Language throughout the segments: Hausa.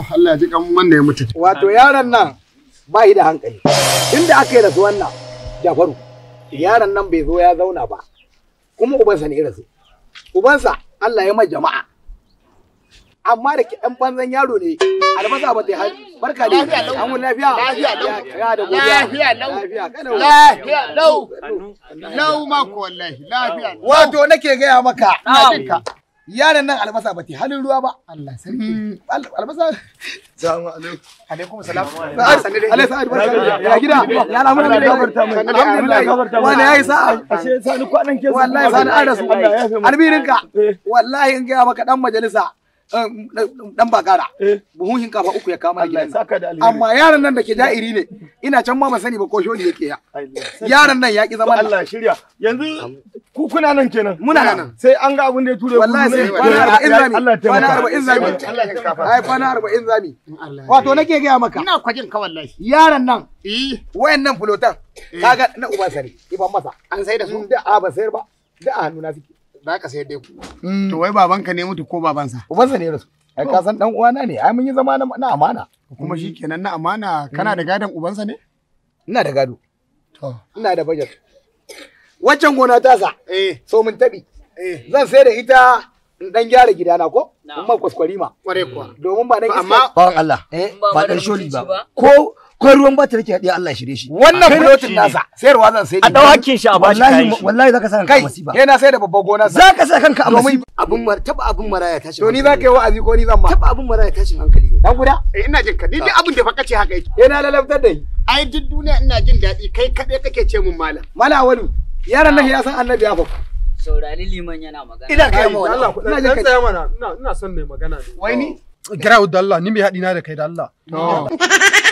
Allah ji kan wanda ya mutu. Wato yaron nan ba shi da hankali. Inda aka yi rasuwan nan Jafaru, yaron nan bai zo ya zauna ba. Kuma ubansa ne rasu. Ubansa Allah ya ma jama'a. Amma da ke ɗan banzan yaro ne, almasa ba ta yi barka ne. An lafiya. Lafiya lau. Lafiya lau. Lafiya lau. Lau mako wallahi. Lafiya Wato nake gaya maka. Na jinka. yaran nan albasa ba ta halin ruwa ba Allah sarki hmm. albasa salamu alaikum alaikum salam alai sa'ad barka ya gida ya lamun da gabarta mai alhamdulillah wani yayi sa'a ashe sani kwanan ke wallahi ya fi mu albirinka eh. wallahi in ga maka dan majalisa Eh, dan bagara eh. buhun shinkafa uku ya kama gidan amma yaran nan da ke ja'iri ne ina can ma ban sani ba ko shoni yake ya yaran nan ya ki zaman Allah shirya yanzu ku kuna nan kenan muna nan sai an ga abin da ya ture wallahi sai kwana 40 zami kwana 40 zami ai kwana 40 zami wato nake ga maka ina kwajin ka wallahi yaran nan eh wayannan fulotan eh. kaga na uba sare iban masa an sai da su da a ba sayar ba da a suke za ka sayar da ku. Mm. To wai babanka ne mutu ko babansa? Ubansa ne rasu. Ai ka san dan uwana ne, ai mun yi zama na amana. Kuma mm. shikenan na amana mm. kana da gadon ubansa ne? Ina da gado. To, ina da bajet. Waccan gona ta sa. Eh. So mun tabi. Eh. Zan sayar da ita in dan gyara gidana ko? In ma ma. Kware kuwa. Domin ba na iska. Amma bawan Allah. Eh, ba dan sholi ba. Ko ko ruwan ta rike hadi Allah shirye shi wannan fulotin nasa sayarwa zan sai a dau hakkin shi a bashi kai wallahi zaka saka kanka masifa kai na sai da babban gona sa zaka saka kanka amma masifa abun mar taba abun maraya tashi to ni zaka yi wa'azi ko ni zan ma taba abun maraya tashi hankali dan guda eh ina jin ka ni abun abin da fa kace haka yake yana eh, lalabtar da ni ai duk duniya ina jin daɗi kai kade kake ce mun mala mala walu yaran nan ya san annabi ya faku saurari liman yana magana ina kai mu Allah ina jin ka tsaya mana ina ina son mai magana wai ni oh. Gira da Allah, ni mai haɗina da kai da Allah.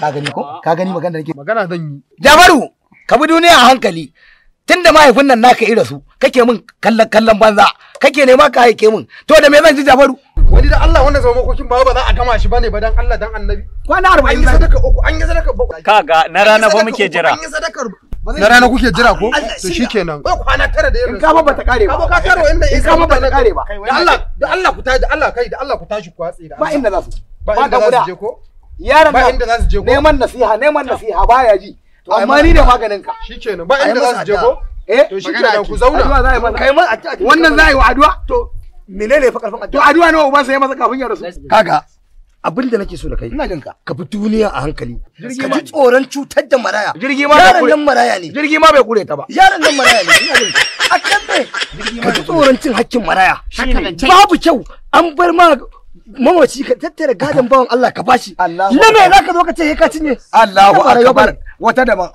ka gani ko ka gani magana nake magana zan yi jabaru ka bi duniya a hankali tunda mahaifin nan naka ira su kake min kallan kallan banza kake nema ka haike min to da me zan ji jabaru wani da Allah wannan zama makokin ba ba za a gama shi bane ba dan Allah dan annabi kwana 40 an yi sadaka uku an yi sadaka ka ga na rana ba muke jira an yi sadaka na rana kuke jira ko to shikenan ba kwana tara da yaro in ka ba bata kare ba ka karo inda in ka ba bata kare ba da Allah da Allah ku tashi da Allah kai da Allah ku tashi ku hatsi da ba inda za su ba inda za su je ko yaran ba inda za je ko neman nasiha neman nasiha baya ji amma ni da maganin ka shikenan ba inda za je ko eh to shikenan ku zauna addu'a a kai ma wannan za a yi wa addu'a to menene fa karfin addu'a to addu'a nawa uban sai masa kafin ya rasu kaga abin da nake so da kai ina ka bi duniya a hankali ka ji tsoron cutar da maraya jirgi ma maraya ne jirgi ma bai kure ta ba yaran nan maraya ne ina a kan ka ji tsoron cin hakkin maraya babu kyau an bar ma mamaci ka tattara gadon bawan Allah ka bashi na me za ka zo ka ce ka ne Allahu akbar wata daban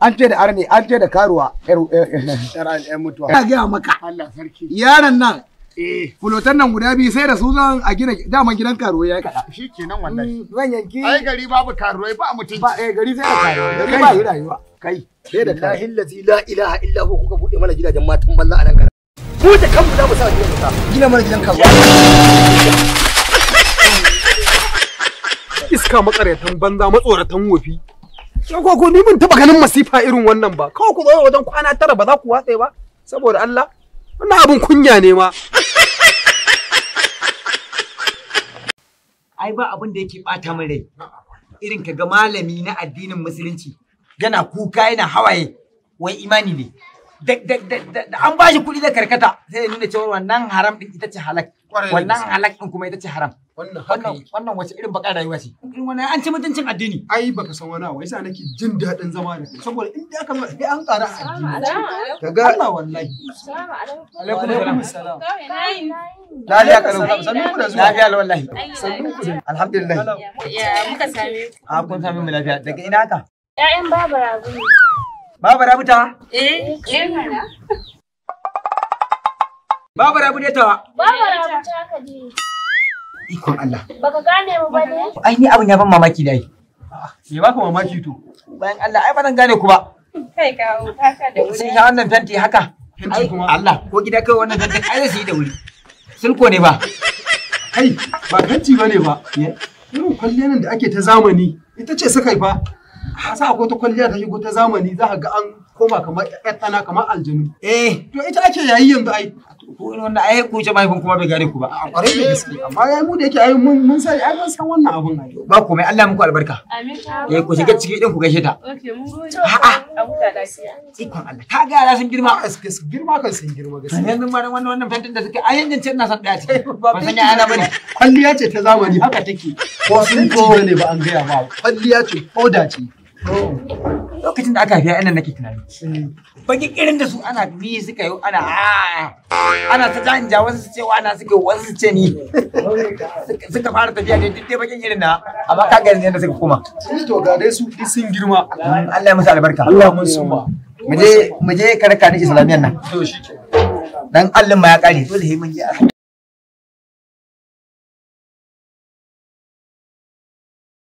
an ce da arne an ce da karuwa yar mutuwa ga ga maka Allah sarki yaran nan eh. fulotan nan guda biyu sai da su zan a gina daman gidan karuwa ya kada shi kenan wallahi mm, zan yanki ai gari babu karuwa ba mutum ba eh gari sai da karuwa gari ba yi rayuwa kai sai da lahi la ilaha illa hu kuka bude mana gidajen matan banza a nan mu da kanmu za mu sa gina wuta gina mana gidan kawo iska matsaratan banza matsoratan wofi ko ko ni mun taba ganin masifa irin wannan ba kawai ku zo wajen kwana tara ba za ku watsa ba saboda Allah wannan abun kunya ne ma ai ba abin da yake bata min rai irin kaga malami na addinin musulunci yana kuka yana hawaye wai imani ne an ba shi kuɗi da karkata sai ya nuna cewa wannan haram din ita ce halak wannan halak din kuma ita ce haram wannan wace irin bakar rayuwa ce in wani an ci mutuncin addini ai baka san wani abu yasa nake jin daɗin zama da kai saboda in aka zo sai an ƙara addini kaga Allah wallahi alaikum salam lafiya kalau sannu ku da zuwa lafiya wallahi sannu ku alhamdulillah ya muka same a ah, kun same mu lafiya daga ina ka ƴaƴan babara zuwa. Baba Rabuta? Eh, eh, eh mana. Baba Rabuta. Baba Rabuta ka je. Ikon Allah. Baka gane mu ba ne? Ai ni abun ya ban mamaki dai. Me baka mamaki to? Bayan Allah ai ba zan gane ku ba. Kai ka haka da wuri. Sai ga wannan fenti haka. Ai Allah ko gida kai wannan fenti ai zai yi da wuri. Sulko ne ba. Kai ba fenti bane ba. Irin kwalliya nan da ake ta zamani ita ce suka yi fa. Kasa akwai ta kwalliya ta shigo ta zamani za ka ga an koma kamar ƴaƴana kamar aljanu. Eh. To ita ake yayi yanzu ai. Wanda ai ku ce mahaifin kuma bai gane ku ba. A ƙwarai da gaske. Amma yayi mu da yake ai mun mun sani ai mun san wannan abun ai. Ba komai Allah muku albarka. Amin. Eh ku shiga ciki din ku gaishe ta. Okay mun gode. A'a. A huta lafiya. Ikon Allah. Ka ga ya sun girma. Girma kan sun girma gaskiya. Yanzu da suke ai yanzu ce ina daya eh, Ba san Kwalliya ce ta zamani haka take. Ko ne ba an gaya ba. Kwalliya ce da ce. Lokacin da aka haifi ƴaƴan na nake tunani. Baki irin da su ana ni suka yi ana ah, ana ta jan ja wasu ce wa ana suka wasu ce ni. Suka fara tafiya ne duk dai bakin irin na amma ka ga yanzu suka koma. Eh to ga dai su duk sun girma. Allah ya musu albarka. Allah mun suma. Mu je mu je karka ni islamiyan nan. To shi Dan Allah ma ya kare dole sai mun je.